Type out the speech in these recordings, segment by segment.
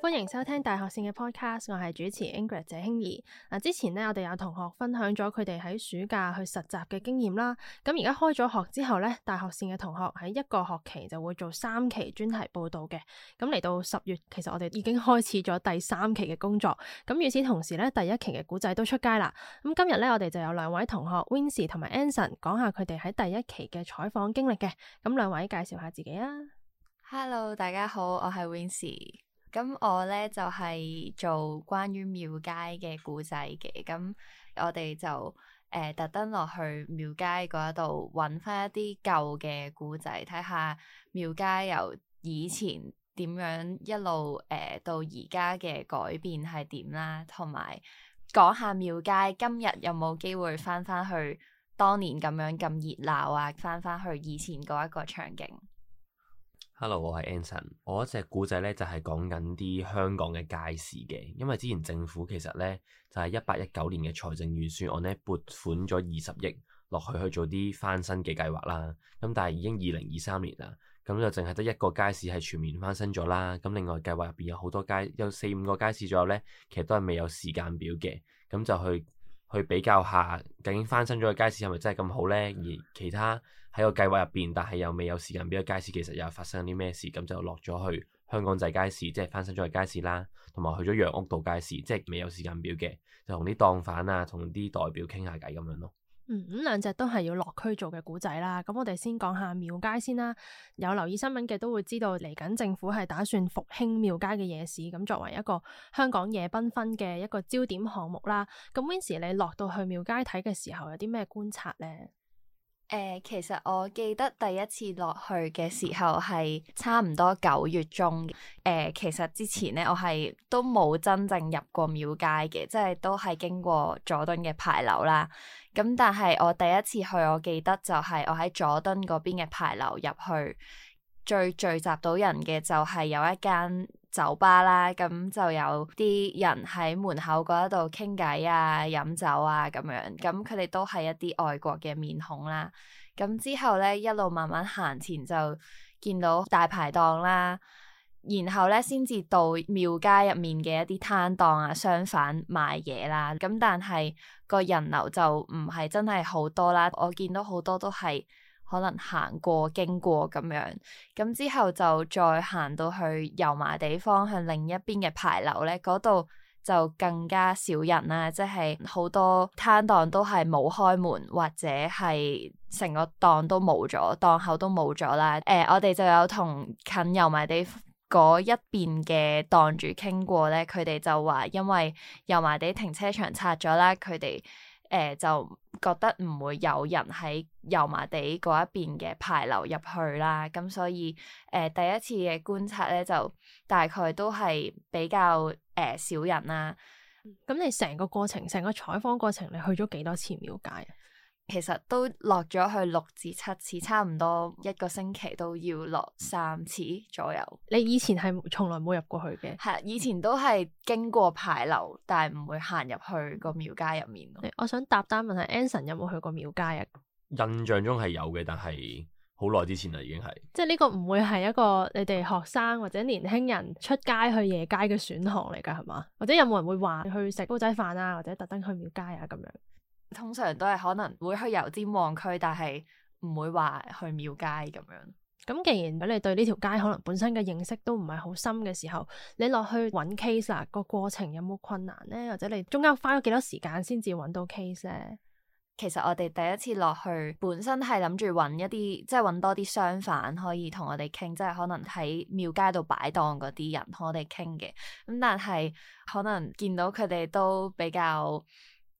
歡迎收聽大學線嘅 podcast，我係主持 Ingrid 謝興怡。嗱，之前呢，我哋有同學分享咗佢哋喺暑假去實習嘅經驗啦。咁而家開咗學之後呢，大學線嘅同學喺一個學期就會做三期專題報道嘅。咁嚟到十月，其實我哋已經開始咗第三期嘅工作。咁與此同時呢，第一期嘅古仔都出街啦。咁今日呢，我哋就有兩位同學 Winsy 同埋 Anson 講下佢哋喺第一期嘅採訪經歷嘅。咁兩位介紹下自己啊。Hello，大家好，我係 Winsy。咁我呢就係、是、做關於廟街嘅故仔嘅，咁我哋就誒、呃、特登落去廟街嗰一度搵返一啲舊嘅故仔，睇下廟街由以前點樣一路誒、呃、到而家嘅改變係點啦，同埋講下廟街今日有冇機會返返去當年咁樣咁熱鬧啊，返返去以前嗰一個場景。Hello，我係 Anson。我一隻故仔呢就係講緊啲香港嘅街市嘅，因為之前政府其實呢就係一八一九年嘅財政預算案呢撥款咗二十億落去去做啲翻新嘅計劃啦。咁但係已經二零二三年啦，咁就淨係得一個街市係全面翻新咗啦。咁另外計劃入面有好多街，有四五個街市左右呢，其實都係未有時間表嘅。咁就去去比較一下究竟翻新咗嘅街市係咪真係咁好呢？而其他，喺個計劃入邊，但係又未有時間表嘅街市，其實又發生啲咩事？咁就落咗去香港仔街市，即係翻新咗嘅街市啦，同埋去咗楊屋道街市，即係未有時間表嘅，就同啲檔販啊，同啲代表傾下偈咁樣咯。嗯，咁兩隻都係要落區做嘅古仔啦。咁我哋先講下廟街先啦。有留意新聞嘅都會知道，嚟緊政府係打算復興廟街嘅夜市，咁作為一個香港夜繽紛嘅一個焦點項目啦。咁 Vincent 你落到去廟街睇嘅時候，有啲咩觀察咧？誒、呃，其實我記得第一次落去嘅時候係差唔多九月中。誒、呃，其實之前咧我係都冇真正入過廟街嘅，即係都係經過佐敦嘅牌樓啦。咁但係我第一次去，我記得就係我喺佐敦嗰邊嘅牌樓入去，最聚集到人嘅就係有一間。酒吧啦，咁就有啲人喺門口嗰一度傾偈啊、飲酒啊咁樣，咁佢哋都係一啲外國嘅面孔啦。咁之後呢，一路慢慢行前就見到大排檔啦，然後呢先至到廟街入面嘅一啲攤檔啊、商販賣嘢啦。咁但係個人流就唔係真係好多啦，我見到好多都係。可能行過經過咁樣，咁之後就再行到去油麻地方向另一邊嘅牌樓咧，嗰度就更加少人啦，即係好多攤檔都係冇開門或者係成個檔都冇咗，檔口都冇咗啦。誒、呃，我哋就有同近油麻地嗰一邊嘅檔主傾過咧，佢哋就話因為油麻地停車場拆咗啦，佢哋。誒、呃、就覺得唔會有人喺油麻地嗰一邊嘅排流入去啦，咁所以誒、呃、第一次嘅觀察咧，就大概都係比較誒少、呃、人啦。咁、嗯、你成個過程，成個採訪過程，你去咗幾多次廟街？其實都落咗去六至七次，差唔多一個星期都要落三次左右。你以前係從來冇入過去嘅，係以前都係經過牌樓，但係唔會行入去個廟街入面、嗯、我想搭單問下 Anson 有冇去過廟街啊？印象中係有嘅，但係好耐之前啦，已經係。即係呢個唔會係一個你哋學生或者年輕人出街去夜街嘅選項嚟噶，係嘛？或者有冇人會話去食煲仔飯啊，或者特登去廟街啊咁樣？通常都係可能會去油尖旺區，但係唔會話去廟街咁樣。咁既然你對呢條街可能本身嘅認識都唔係好深嘅時候，你落去揾 case 啊個過程有冇困難呢？或者你中間花咗幾多時間先至揾到 case 咧？其實我哋第一次落去，本身係諗住揾一啲，即係揾多啲商販可以同我哋傾，即係可能喺廟街度擺檔嗰啲人同我哋傾嘅。咁但係可能見到佢哋都比較。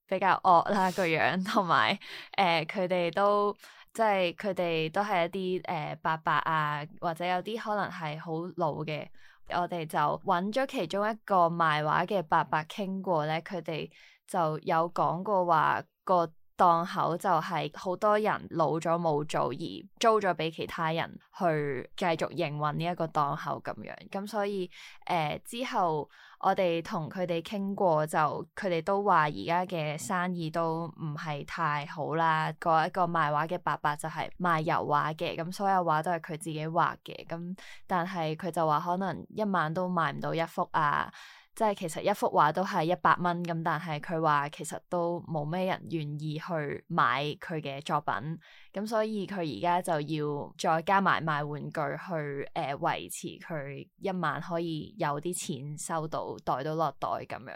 比較惡啦個樣，同埋誒，佢哋都即係佢哋都係一啲誒，伯伯啊，或者有啲可能係好老嘅。我哋就揾咗其中一個賣畫嘅伯伯傾過咧，佢哋就有講過話個檔口就係好多人老咗冇做，而租咗俾其他人去繼續營運呢一個檔口咁樣，咁所以誒、呃、之後我哋同佢哋傾過，就佢哋都話而家嘅生意都唔係太好啦。嗰一個賣畫嘅伯伯就係賣油畫嘅，咁所有畫都係佢自己畫嘅，咁但係佢就話可能一晚都賣唔到一幅啊。即係其實一幅畫都係一百蚊咁，但係佢話其實都冇咩人願意去買佢嘅作品，咁所以佢而家就要再加埋賣玩具去誒、呃、維持佢一晚可以有啲錢收到袋到落袋咁樣。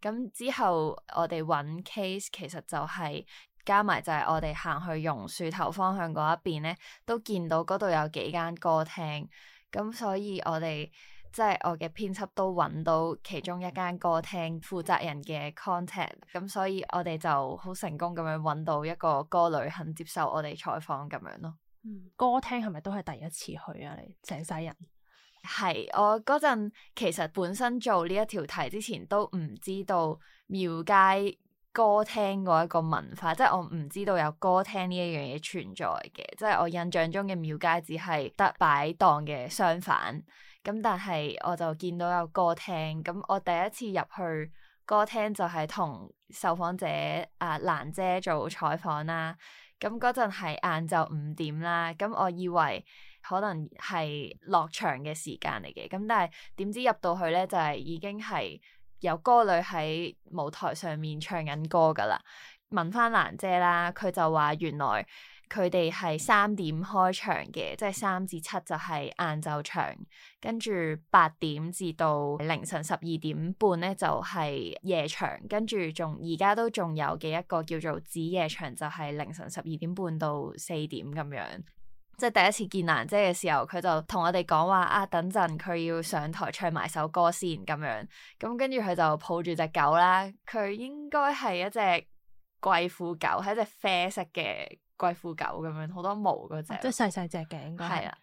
咁之後我哋揾 case 其實就係加埋就係我哋行去榕樹頭方向嗰一邊咧，都見到嗰度有幾間歌廳，咁所以我哋。即係我嘅編輯都揾到其中一間歌廳負責人嘅 contact，咁所以我哋就好成功咁樣揾到一個歌女肯接受我哋採訪咁樣咯、嗯。歌廳係咪都係第一次去啊？你成世人，係我嗰陣其實本身做呢一條題之前都唔知道廟街歌廳嗰一個文化，即係我唔知道有歌廳呢一樣嘢存在嘅，即係我印象中嘅廟街只係得擺檔嘅商販。咁但係我就見到有歌廳，咁我第一次入去歌廳就係同受訪者啊蘭姐做採訪啦。咁嗰陣係晏晝五點啦，咁我以為可能係落場嘅時間嚟嘅，咁但係點知入到去咧就係、是、已經係有歌女喺舞台上面唱緊歌噶啦。問翻蘭姐啦，佢就話原來。佢哋係三點開場嘅，即係三至七就係晏晝場，跟住八點至到凌晨十二點半咧就係夜場，跟住仲而家都仲有嘅一個叫做子夜場，就係凌晨十二點半到四點咁樣。即係第一次見蘭姐嘅時候，佢就同我哋講話啊，等陣佢要上台唱埋首歌先咁樣。咁跟住佢就抱住隻狗啦，佢應該係一隻貴婦狗，係一隻啡色嘅。貴婦狗咁樣，好多毛嗰隻，即係細細隻嘅應該係啦。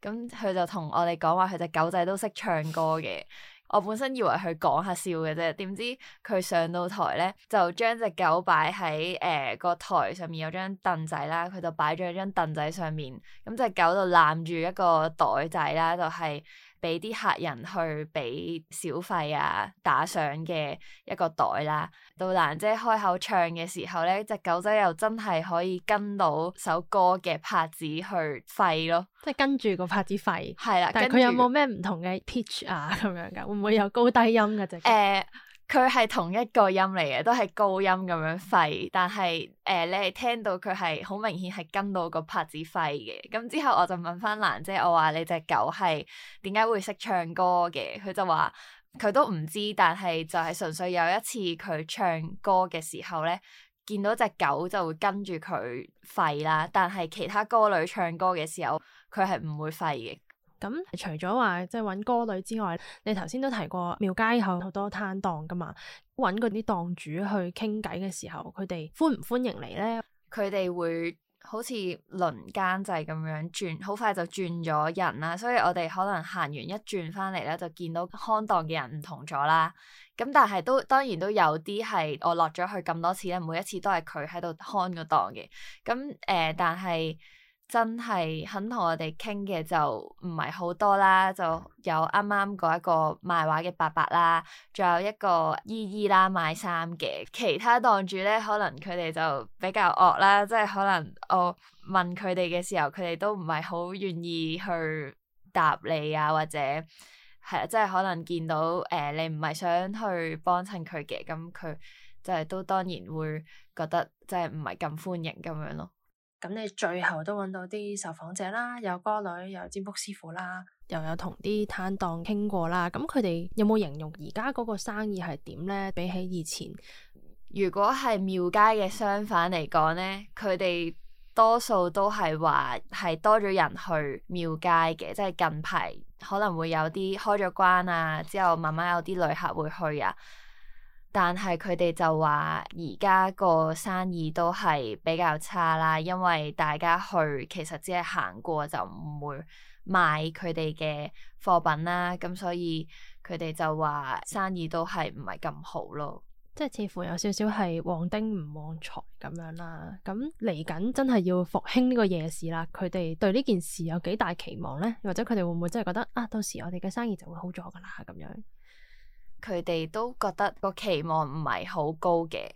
咁佢的就同我哋講話佢隻狗仔都識唱歌嘅。 我本身以為佢講下笑嘅啫，點知佢上到台咧就將隻狗擺喺誒個台上面有張凳仔啦，佢就擺咗喺張凳仔上面，咁隻狗就攬住一個袋仔啦，就係、是。俾啲客人去俾小費啊，打賞嘅一個袋啦。杜蘭姐開口唱嘅時候咧，隻狗仔又真係可以跟到首歌嘅拍子去吠咯，即係跟住個拍子吠。係啦的，但係佢有冇咩唔同嘅 pitch 啊？咁樣噶，會唔會有高低音噶啫？誒、呃。佢係同一個音嚟嘅，都係高音咁樣吠，但係誒、呃，你係聽到佢係好明顯係跟到個拍子吠嘅。咁之後我就問翻蘭姐，我話你隻狗係點解會識唱歌嘅？佢就話佢都唔知，但係就係純粹有一次佢唱歌嘅時候咧，見到隻狗就會跟住佢吠啦。但係其他歌女唱歌嘅時候，佢係唔會吠嘅。咁、嗯、除咗話即係搵歌女之外，你頭先都提過廟街口好多攤檔噶嘛？搵嗰啲檔主去傾偈嘅時候，佢哋歡唔歡迎你咧？佢哋會好似輪更制咁樣轉，好快就轉咗人啦。所以我哋可能行完一轉翻嚟咧，就見到看檔嘅人唔同咗啦。咁但係都當然都有啲係我落咗去咁多次咧，每一次都係佢喺度看個檔嘅。咁誒、呃，但係。真係肯同我哋傾嘅就唔係好多啦，就有啱啱嗰一個賣畫嘅伯伯啦，仲有一個姨姨啦賣衫嘅，其他檔主咧可能佢哋就比較惡啦，即係可能我問佢哋嘅時候，佢哋都唔係好願意去答你啊，或者係、啊、即係可能見到誒、呃、你唔係想去幫襯佢嘅，咁佢就係都當然會覺得即係唔係咁歡迎咁樣咯。咁你最後都揾到啲受訪者啦，有歌女，有占卜師傅啦，又有同啲攤檔傾過啦。咁佢哋有冇形容而家嗰個生意係點呢？比起以前，如果係廟街嘅商販嚟講呢，佢哋多數都係話係多咗人去廟街嘅，即係近排可能會有啲開咗關啊，之後慢慢有啲旅客會去啊。但係佢哋就話而家個生意都係比較差啦，因為大家去其實只係行過就唔會買佢哋嘅貨品啦，咁所以佢哋就話生意都係唔係咁好咯，即係似乎有少少係旺丁唔旺財咁樣啦。咁嚟緊真係要復興呢個夜市啦，佢哋對呢件事有幾大期望呢？或者佢哋會唔會真係覺得啊，到時我哋嘅生意就會好咗噶啦咁樣？佢哋都覺得個期望唔係好高嘅。誒、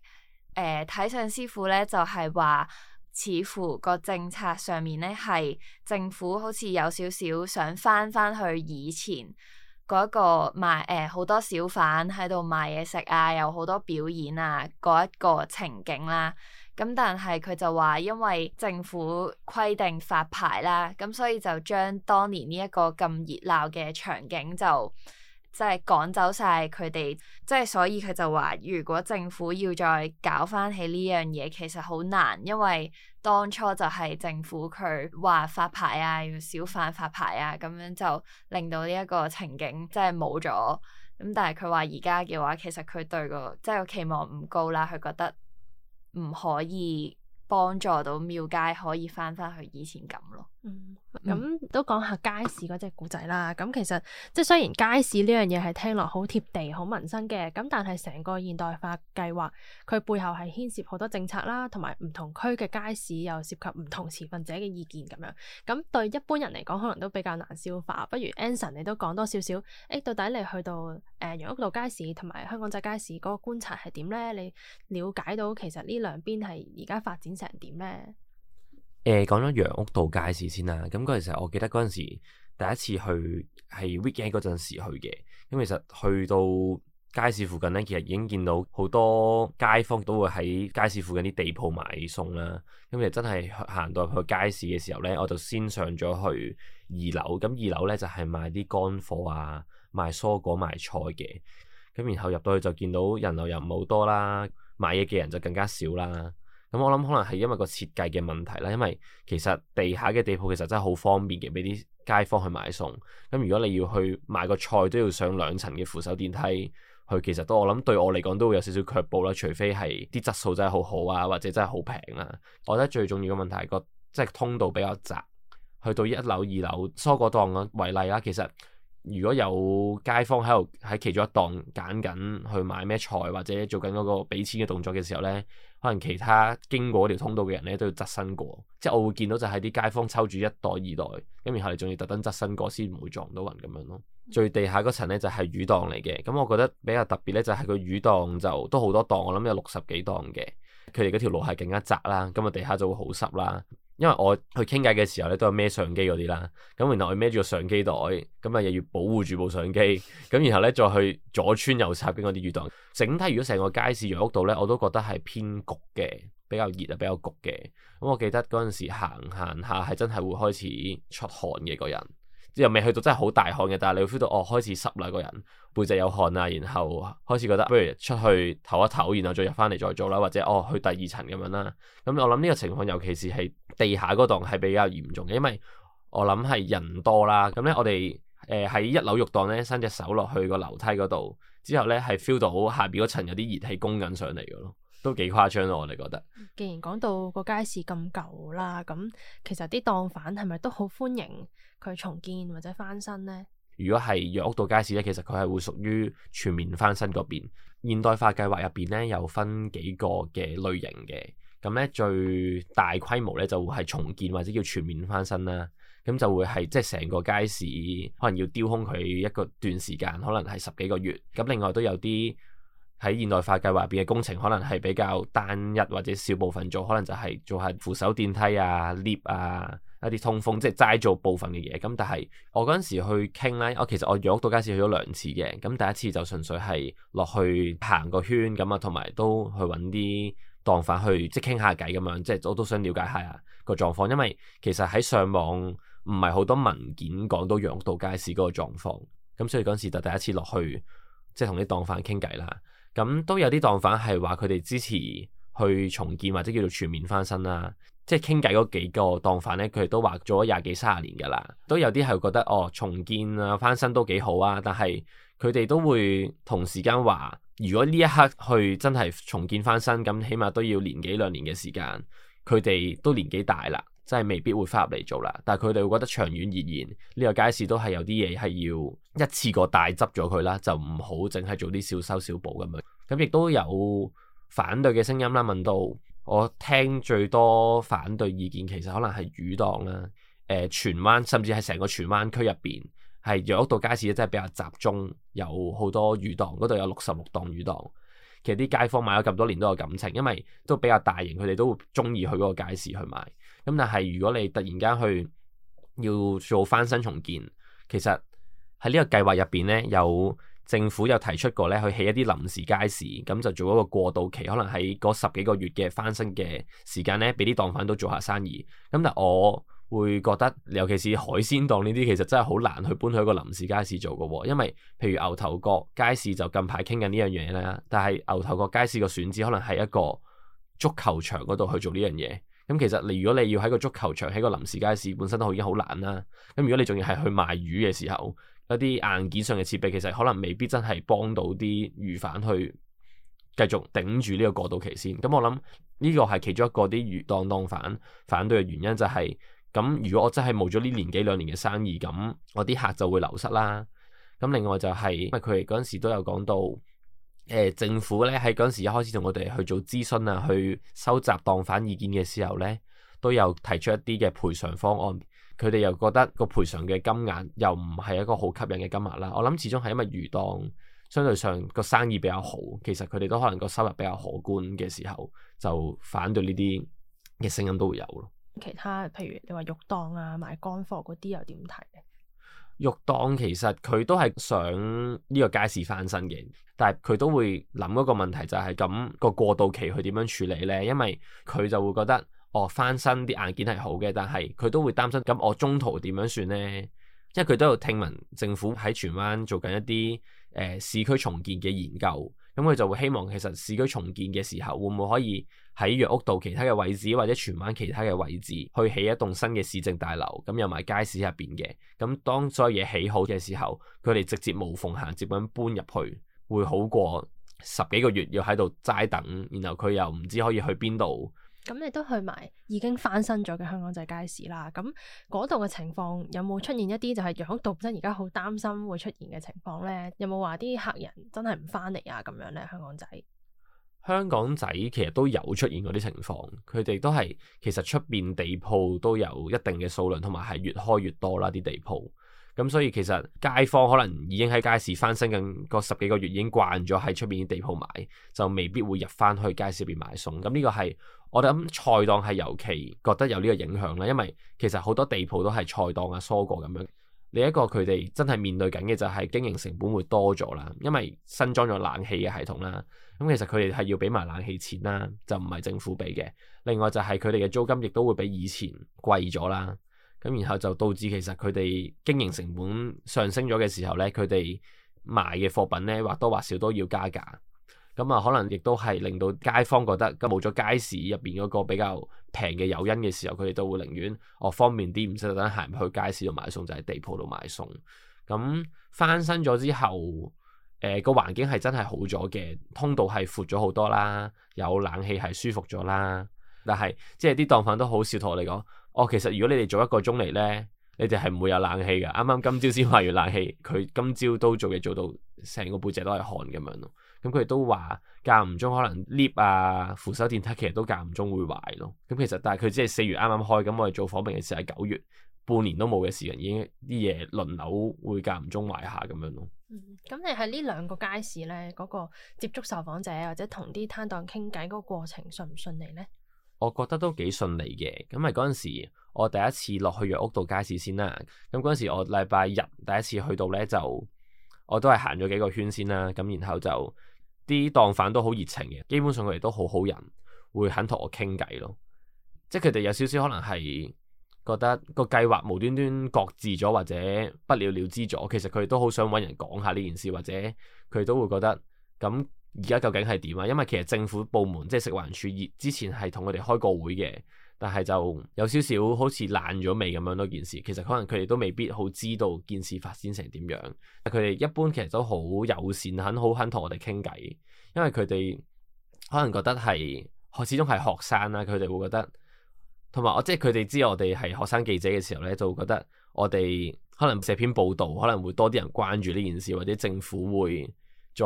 呃，睇相師傅咧就係、係、話，似乎個政策上面咧係政府好似有少少想翻翻去以前嗰一個賣好、呃、多小販喺度賣嘢食啊，有好多表演啊嗰一個情景啦。咁但係佢就話，因為政府規定發牌啦，咁所以就將當年呢一個咁熱鬧嘅場景就。即係趕走晒佢哋，即係所以佢就話，如果政府要再搞翻起呢樣嘢，其實好難，因為當初就係政府佢話發牌啊，要小販發牌啊，咁樣就令到呢一個情景即係冇咗。咁但係佢話而家嘅話，其實佢對個即係個期望唔高啦，佢覺得唔可以幫助到廟街可以翻翻去以前咁咯。嗯，咁都講下街市嗰隻古仔啦。咁其實即係雖然街市呢樣嘢係聽落好貼地、好民生嘅，咁但係成個現代化計劃，佢背後係牽涉好多政策啦，同埋唔同區嘅街市又涉及唔同持份者嘅意見咁樣。咁對一般人嚟講，可能都比較難消化。不如 Anson，你都講多少少？誒，到底你去到誒楊屋道街市同埋香港仔街市嗰個觀察係點咧？你了解到其實呢兩邊係而家發展成點咧？誒講咗楊屋道街市先啦，咁嗰陣時我記得嗰陣時第一次去係 weekend 嗰陣時去嘅，咁、嗯、其實去到街市附近咧，其實已經見到好多街坊都會喺街市附近啲地鋪買餸啦，咁、嗯、其實真係行到去街市嘅時候咧，我就先上咗去二樓，咁、嗯、二樓咧就係賣啲乾貨啊、賣蔬果、賣菜嘅，咁、嗯、然後入到去就見到人流又唔係好多啦，買嘢嘅人就更加少啦。咁、嗯、我諗可能係因為個設計嘅問題啦，因為其實地下嘅地鋪其實真係好方便嘅，俾啲街坊去買餸。咁如果你要去買個菜都要上兩層嘅扶手電梯去，其實都我諗對我嚟講都會有少少卻步啦。除非係啲質素真係好好啊，或者真係好平啊。我覺得最重要嘅問題係個即係通道比較窄，去到一樓、二樓蔬果檔咁、啊、為例啦、啊，其實。如果有街坊喺度喺其中一檔揀緊去買咩菜，或者做緊嗰個畀錢嘅動作嘅時候咧，可能其他經過嗰條通道嘅人咧都要側身過，即係我會見到就係啲街坊抽住一袋、二袋，咁然後你仲要特登側身過先唔會撞到人咁樣咯。最地下嗰層咧就係魚檔嚟嘅，咁我覺得比較特別咧就係個魚檔就都好多檔，我諗有六十幾檔嘅，佢哋嗰條路係更加窄啦，咁啊地下就會好濕啦。因為我去傾偈嘅時候咧，都係孭相機嗰啲啦，咁然後我孭住個相機袋，咁啊又要保護住部相機，咁然後咧再去左穿右插邊嗰啲魚檔，整體如果成個街市在屋度咧，我都覺得係偏焗嘅，比較熱啊，比較焗嘅。咁我記得嗰陣時行行下係真係會開始出汗嘅個人。又未去到真係好大汗嘅，但係你會 feel 到哦，開始濕啦個人背脊有汗啊，然後開始覺得不如出去唞一唞，然後再入翻嚟再做啦，或者哦去第二層咁樣啦。咁、嗯、我諗呢個情況，尤其是係地下嗰檔係比較嚴重嘅，因為我諗係人多啦。咁、嗯、咧我哋誒喺一樓肉檔咧伸隻手落去個樓梯嗰度，之後咧係 feel 到下邊嗰層有啲熱氣供緊上嚟嘅咯。都幾誇張咯，我哋覺得。既然講到個街市咁舊啦，咁其實啲檔販係咪都好歡迎佢重建或者翻新呢？如果係楊屋道街市咧，其實佢係會屬於全面翻新嗰邊。現代化計劃入邊咧，有分幾個嘅類型嘅。咁咧最大規模咧就會係重建或者叫全面翻新啦。咁就會係即係成個街市可能要丟空佢一個段時間，可能係十幾個月。咁另外都有啲。喺現代化計劃入邊嘅工程，可能係比較單一或者少部分做，可能就係做下扶手電梯啊、lift 啊一啲通風，即係齋做部分嘅嘢。咁但係我嗰陣時去傾呢，我其實我楊屋道街市去咗兩次嘅。咁第一次就純粹係落去行個圈咁啊，同埋都去揾啲檔販去即係傾下偈咁樣，即係我都想了解下個狀況，因為其實喺上網唔係好多文件講到楊屋道街市嗰個狀況。咁所以嗰陣時就第一次落去，即係同啲檔販傾偈啦。咁都有啲檔販係話佢哋支持去重建或者叫做全面翻新啦，即係傾偈嗰幾個檔販咧，佢哋都話做咗廿幾三十年㗎啦，都有啲係覺得哦，重建啊、翻新都幾好啊，但係佢哋都會同時間話，如果呢一刻去真係重建翻新，咁起碼都要年幾兩年嘅時間，佢哋都年紀大啦，真係未必會翻入嚟做啦，但係佢哋會覺得長遠而言，呢個街市都係有啲嘢係要。一次過大執咗佢啦，就唔好淨係做啲小修小補咁樣。咁亦都有反對嘅聲音啦。問到我聽最多反對意見，其實可能係魚檔啦。誒、呃，荃灣甚至係成個荃灣區入邊，係楊屋道街市真係比較集中，有好多魚檔。嗰度有六十六檔魚檔。其實啲街坊買咗咁多年都有感情，因為都比較大型，佢哋都會中意去嗰個街市去買。咁但係如果你突然間去要做翻新重建，其實喺呢個計劃入邊咧，有政府有提出過咧，去起一啲臨時街市，咁就做一個過渡期，可能喺嗰十幾個月嘅翻新嘅時間咧，俾啲檔販都做下生意。咁但係我會覺得，尤其是海鮮檔呢啲，其實真係好難去搬去一個臨時街市做嘅喎，因為譬如牛頭角街市就近排傾緊呢樣嘢啦。但係牛頭角街市嘅選址可能係一個足球場嗰度去做呢樣嘢。咁其實你如果你要喺個足球場喺個臨時街市本身都已經好難啦。咁如果你仲要係去賣魚嘅時候，一啲硬件上嘅設備，其實可能未必真係幫到啲魚販去繼續頂住呢個過渡期先。咁、嗯、我諗呢個係其中一個啲魚檔檔販反對嘅原因、就係，就係咁。如果我真係冇咗呢年幾兩年嘅生意，咁我啲客就會流失啦。咁、嗯、另外就係、係，因為佢哋嗰陣時都有講到，誒、呃、政府咧喺嗰陣時一開始同我哋去做諮詢啊，去收集檔販意見嘅時候咧，都有提出一啲嘅賠償方案。佢哋又覺得個賠償嘅金額又唔係一個好吸引嘅金額啦，我諗始終係因為魚檔相對上個生意比較好，其實佢哋都可能個收入比較可觀嘅時候，就反對呢啲嘅聲音都會有咯。其他譬如你話肉檔啊、賣乾貨嗰啲又點睇？肉檔其實佢都係想呢個街市翻身嘅，但係佢都會諗一個問題就係咁個過渡期佢點樣處理咧？因為佢就會覺得。我、哦、翻新啲硬件係好嘅，但係佢都會擔心。咁我中途點樣算呢？因為佢都有聽聞政府喺荃灣做緊一啲誒、呃、市區重建嘅研究，咁佢就會希望其實市區重建嘅時候，會唔會可以喺楊屋道其他嘅位置，或者荃灣其他嘅位置，去起一棟新嘅市政大樓，咁又埋街市入邊嘅。咁當所有嘢起好嘅時候，佢哋直接無縫銜接咁搬入去，會好過十幾個月要喺度齋等，然後佢又唔知可以去邊度。咁你都去埋已經翻新咗嘅香港仔街市啦，咁嗰度嘅情況有冇出現一啲就係楊屋道本身而家好擔心會出現嘅情況咧？有冇話啲客人真係唔翻嚟啊？咁樣咧，香港仔香港仔其實都有出現嗰啲情況，佢哋都係其實出邊地鋪都有一定嘅數量，同埋係越開越多啦啲地鋪。咁所以其實街坊可能已經喺街市翻新緊個十幾個月，已經慣咗喺出邊啲地鋪買，就未必會入翻去街市邊買餸。咁呢個係。我哋諗菜檔係尤其覺得有呢個影響啦，因為其實好多地鋪都係菜檔啊、蔬果咁樣。另一個佢哋真係面對緊嘅，就係經營成本會多咗啦，因為新裝咗冷氣嘅系統啦。咁其實佢哋係要俾埋冷氣錢啦，就唔係政府俾嘅。另外就係佢哋嘅租金亦都會比以前貴咗啦。咁然後就導致其實佢哋經營成本上升咗嘅時候呢，佢哋賣嘅貨品呢，或多或少都要加價。咁啊、嗯，可能亦都係令到街坊覺得咁冇咗街市入邊嗰個比較平嘅誘因嘅時候，佢哋都會寧願哦方便啲，唔使特登行去街市度買餸，就喺、是、地鋪度買餸。咁、嗯、翻新咗之後，誒、呃、個環境係真係好咗嘅，通道係闊咗好多啦，有冷氣係舒服咗啦。但係即係啲檔販都好少同我哋講，哦其實如果你哋早一個鐘嚟呢，你哋係唔會有冷氣㗎。啱啱今朝先話要冷氣，佢今朝都做嘢做到成個背脊都係汗咁樣咯。咁佢哋都話，間唔中可能 lift 啊扶手電梯其實都間唔中會壞咯。咁其實但係佢只係四月啱啱開，咁我哋做訪問嘅時候係九月，半年都冇嘅時間，已經啲嘢輪流會間唔中壞下咁樣咯。咁、嗯、你喺呢兩個街市咧，嗰、嗰個接觸受訪者或者同啲攤檔傾偈嗰個過程順唔順利咧？我覺得都幾順利嘅。咁係嗰陣時，我第一次落去楊屋道街市先啦。咁嗰陣時我禮拜日第一次去到咧，就我都係行咗幾個圈先啦。咁然後就。啲檔販都好熱情嘅，基本上佢哋都好好人，會肯同我傾偈咯。即係佢哋有少少可能係覺得個計劃無端端擱置咗或者不了了之咗，其實佢哋都好想搵人講下呢件事，或者佢都會覺得咁而家究竟係點啊？因為其實政府部門即係食環署，之前係同佢哋開過會嘅。但係就有少少好似爛咗味咁樣咯件事，其實可能佢哋都未必好知道件事發展成點樣。但佢哋一般其實都好友善，肯好肯同我哋傾偈，因為佢哋可能覺得係始終係學生啦，佢哋會覺得同埋我即係佢哋知我哋係學生記者嘅時候呢，就會覺得我哋可能寫篇報導可能會多啲人關注呢件事，或者政府會再。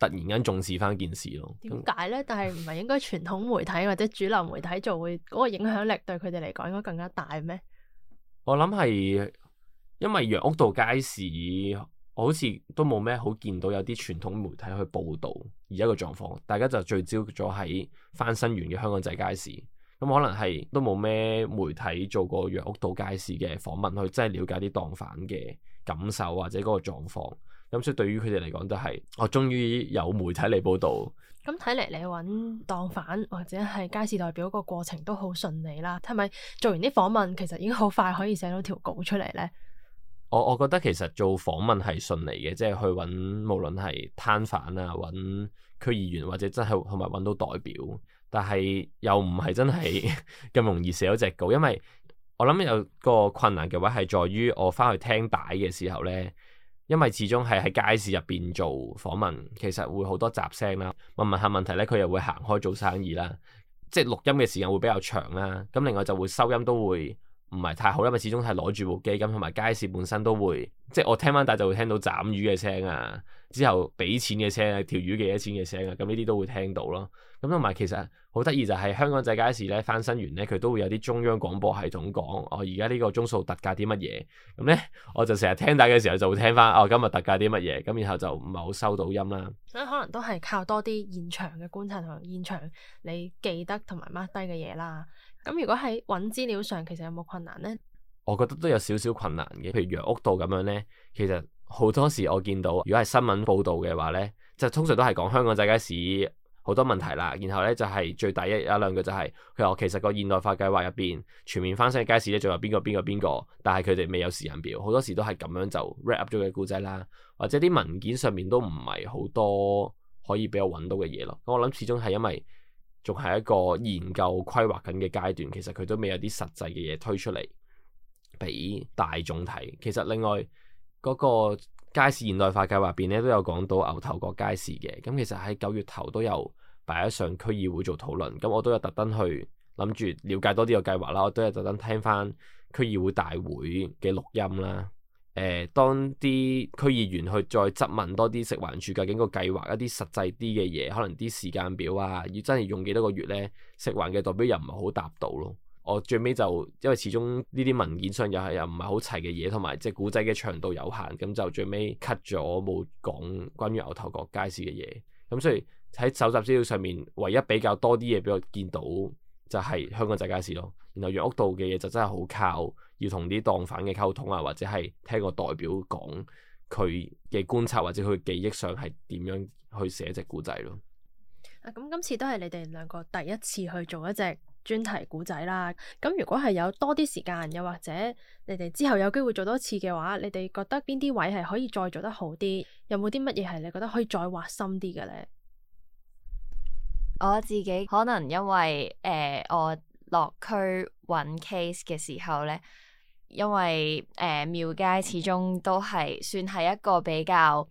突然間重視翻件事咯，點解咧？但係唔係應該傳統媒體 或者主流媒體做會嗰個影響力對佢哋嚟講應該更加大咩？我諗係因為楊屋道街市，我好似都冇咩好見到有啲傳統媒體去報導而家個狀況，大家就聚焦咗喺翻新完嘅香港仔街市。咁可能係都冇咩媒體做過楊屋道街市嘅訪問，去真係了解啲檔販嘅感受或者嗰個狀況。咁所以對於佢哋嚟講都係，我終於有媒體嚟報導。咁睇嚟你揾檔販或者係街市代表個過程都好順利啦，係咪？做完啲訪問，其實已經好快可以寫到條稿出嚟咧。我我覺得其實做訪問係順利嘅，即係去揾無論係攤販啊，揾區議員或者真係同埋揾到代表，但係又唔係真係咁容易寫到隻稿，因為我諗有個困難嘅話係在於我翻去聽帶嘅時候咧。因為始終係喺街市入面做訪問，其實會好多雜聲啦。問問下問題咧，佢又會行開做生意啦。即係錄音嘅時間會比較長啦。咁另外就會收音都會。唔係太好，因為始終係攞住部機咁，同埋街市本身都會，即係我聽翻帶就會聽到斬魚嘅聲啊，之後俾錢嘅聲啊，條魚幾多錢嘅聲啊，咁呢啲都會聽到咯。咁同埋其實好得意就係、是、香港仔街市咧，翻新完咧，佢都會有啲中央廣播系統講，哦，而家、嗯、呢個鐘數特價啲乜嘢。咁咧，我就成日聽帶嘅時候就會聽翻，哦，今日特價啲乜嘢，咁然後就唔係好收到音啦。所以可能都係靠多啲現場嘅觀察同現場你記得同埋 mark 低嘅嘢啦。咁如果喺揾資料上，其實有冇困難呢？我覺得都有少少困難嘅，譬如楊屋道咁樣呢，其實好多時我見到，如果係新聞報道嘅話呢，就通常都係講香港仔街市好多問題啦。然後呢，就係、是、最大一一兩句就係、是，佢話其實個現代化計劃入邊全面翻新嘅街市呢，仲有邊個邊個邊個，但係佢哋未有時間表，好多時都係咁樣就 wrap up 咗嘅故仔啦。或者啲文件上面都唔係好多可以畀我揾到嘅嘢咯。我諗始終係因為。仲係一個研究規劃緊嘅階段，其實佢都未有啲實際嘅嘢推出嚟畀大眾睇。其實另外嗰個街市現代化計劃入邊咧都有講到牛頭角街市嘅，咁其實喺九月頭都有擺咗上區議會做討論。咁我都有特登去諗住了解多啲個計劃啦，我都有特登聽翻區議會大會嘅錄音啦。誒，當啲區議員去再質問多啲食環署究竟個計劃一啲實際啲嘅嘢，可能啲時間表啊，要真係用幾多個月咧？食環嘅代表又唔係好答到咯。我最尾就因為始終呢啲文件上又係又唔係好齊嘅嘢，同埋即係古仔嘅長度有限，咁就最尾 cut 咗冇講關於牛頭角街市嘅嘢。咁所以喺搜集資料上面，唯一比較多啲嘢俾我見到就係香港仔街市咯。然後楊屋道嘅嘢就真係好靠。要同啲檔販嘅溝通啊，或者係聽個代表講佢嘅觀察或者佢記憶上係點樣去寫隻古仔咯。咁今次都係你哋兩個第一次去做一隻專題古仔啦。咁如果係有多啲時間，又或者你哋之後有機會做多次嘅話，你哋覺得邊啲位係可以再做得好啲？有冇啲乜嘢係你覺得可以再挖深啲嘅咧？我自己可能因為誒、呃，我落區揾 case 嘅時候咧。因為誒廟街始終都係算係一個比較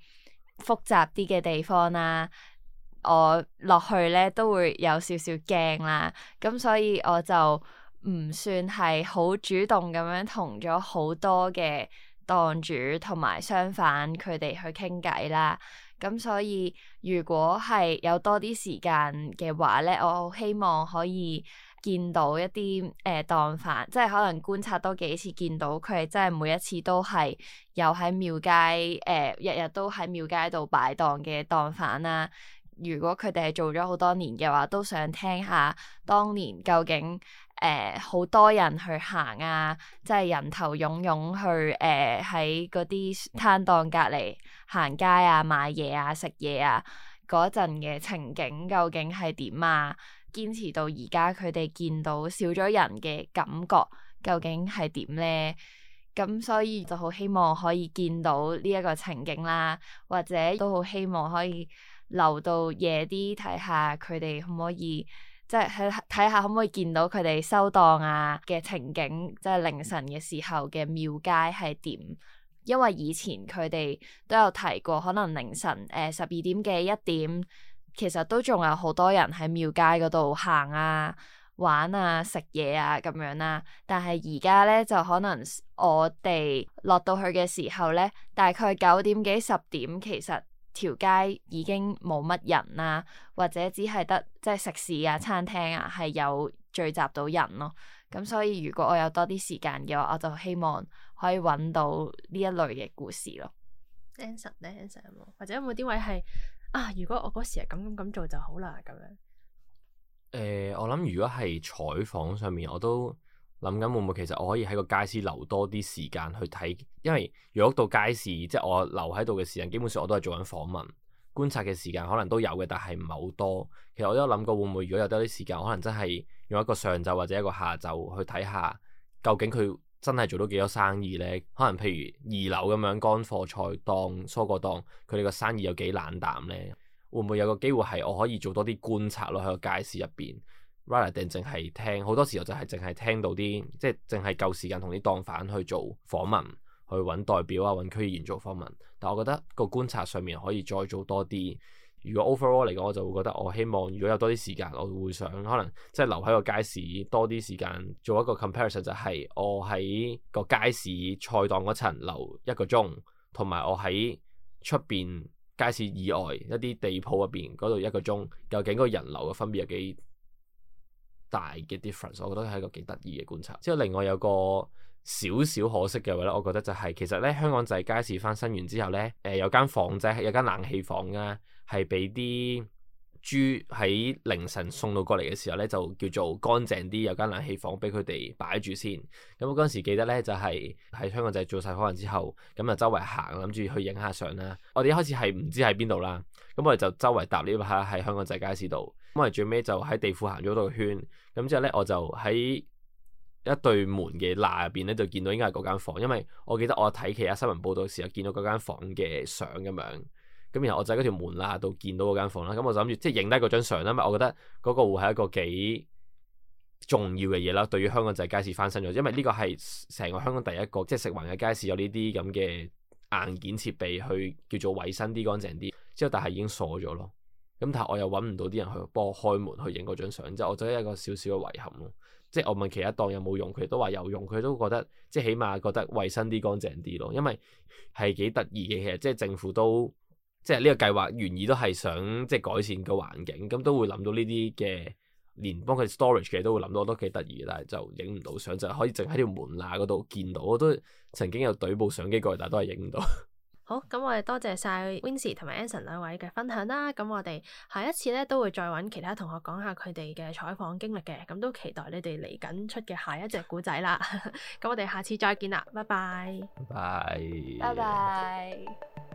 複雜啲嘅地方啦，我落去咧都會有少少驚啦，咁所以我就唔算係好主動咁樣同咗好多嘅檔主同埋商販佢哋去傾偈啦，咁所以如果係有多啲時間嘅話咧，我好希望可以，見到一啲誒檔販，即係可能觀察多幾次，見到佢哋真係每一次都係有喺廟街誒，日、呃、日都喺廟街度擺檔嘅檔販啦。如果佢哋係做咗好多年嘅話，都想聽下當年究竟誒好、呃、多人去行啊，即係人頭湧湧去誒喺嗰啲攤檔隔離行街啊、買嘢啊、食嘢啊嗰陣嘅情景究竟係點啊？堅持到而家，佢哋見到少咗人嘅感覺究竟係點呢？咁所以就好希望可以見到呢一個情景啦，或者都好希望可以留到夜啲睇下佢哋可唔可以，即係去睇下可唔可以見到佢哋收檔啊嘅情景，即係凌晨嘅時候嘅廟街係點？因為以前佢哋都有提過，可能凌晨誒十二點嘅一點。其實都仲有好多人喺廟街嗰度行啊、玩啊、食嘢啊咁樣啦、啊。但係而家咧就可能我哋落到去嘅時候咧，大概九點幾、十點，其實條街已經冇乜人啦、啊，或者只係得即係食肆啊、餐廳啊係有聚集到人咯。咁所以如果我有多啲時間嘅話，我就希望可以搵到呢一類嘅故事咯。Anson 咧 Anson 有冇？或者有冇啲位係？啊！如果我嗰時係咁咁咁做就好啦，咁樣。誒，我諗如果係採訪上面，我都諗緊會唔會其實我可以喺個街市留多啲時間去睇，因為如果到街市，即係我留喺度嘅時間，基本上我都係做緊訪問觀察嘅時間，可能都有嘅，但係唔係好多。其實我都有諗過會唔會，如果有得啲時間，可能真係用一個上晝或者一個下晝去睇下究竟佢。真係做到幾多生意呢？可能譬如二樓咁樣乾貨菜檔、蔬果檔，佢哋個生意有幾冷淡呢？會唔會有個機會係我可以做多啲觀察咯？喺個街市入邊 rather than 淨係聽好多時候就係淨係聽到啲，即係淨係夠時間同啲檔販去做訪問，去揾代表啊，揾區議員做訪問。但我覺得個觀察上面可以再做多啲。如果 overall 嚟講，我就會覺得我希望如果有多啲時間，我會想可能即係留喺個街市多啲時間，做一個 comparison 就係、是、我喺個街市菜檔嗰層留一個鐘，同埋我喺出邊街市以外一啲地鋪入邊嗰度一個鐘，究竟個人流嘅分別有幾大嘅 difference？我覺得係一個幾得意嘅觀察。之後另外有個少少可惜嘅話咧，我覺得就係、是、其實咧香港就係街市翻新完之後咧，誒、呃、有間房仔有間冷氣房噶、啊。係俾啲豬喺凌晨送到過嚟嘅時候咧，就叫做乾淨啲，有間冷氣房俾佢哋擺住先。咁嗰陣時記得咧，就係喺香港仔做晒火人之後，咁啊周圍行，諗住去影下相啦。我哋一開始係唔知喺邊度啦，咁我哋就周圍搭 lift 下喺香港仔街市度，咁我哋最尾就喺地庫行咗好多圈，咁之後咧我就喺一對門嘅罅入邊咧就見到應該係嗰間房，因為我記得我睇其他新聞報道嘅時候見到嗰間房嘅相咁樣。咁然後我就喺嗰條門罅度見到嗰間房啦，咁我就諗住即係影低嗰張相啦，因為我覺得嗰個會係一個幾重要嘅嘢啦，對於香港就係街市翻新咗，因為呢個係成個香港第一個即係食環嘅街市有呢啲咁嘅硬件設備去叫做衞生啲、乾淨啲。之後但係已經鎖咗咯，咁但係我又揾唔到啲人去幫我開門去影嗰張相，之後我就有一個少少嘅遺憾咯。即係我問其他檔有冇用，佢都話有用，佢都，都覺得即係起碼覺得衞生啲、乾淨啲咯，因為係幾得意嘅其實，即係政府都。即係呢個計劃原意都係想即係改善個環境，咁都會諗到呢啲嘅連幫佢 storage 嘅都會諗到，我都幾得意，但係就影唔到相，就可以淨喺條門罅嗰度見到。我都曾經有隊部相機過嚟，但係都係影唔到。好，咁我哋多謝晒 Wincy 同埋 Anson 兩位嘅分享啦。咁我哋下一次咧都會再揾其他同學講下佢哋嘅採訪經歷嘅。咁都期待你哋嚟緊出嘅下一隻古仔啦。咁 我哋下次再見啦，拜拜。拜拜。拜拜。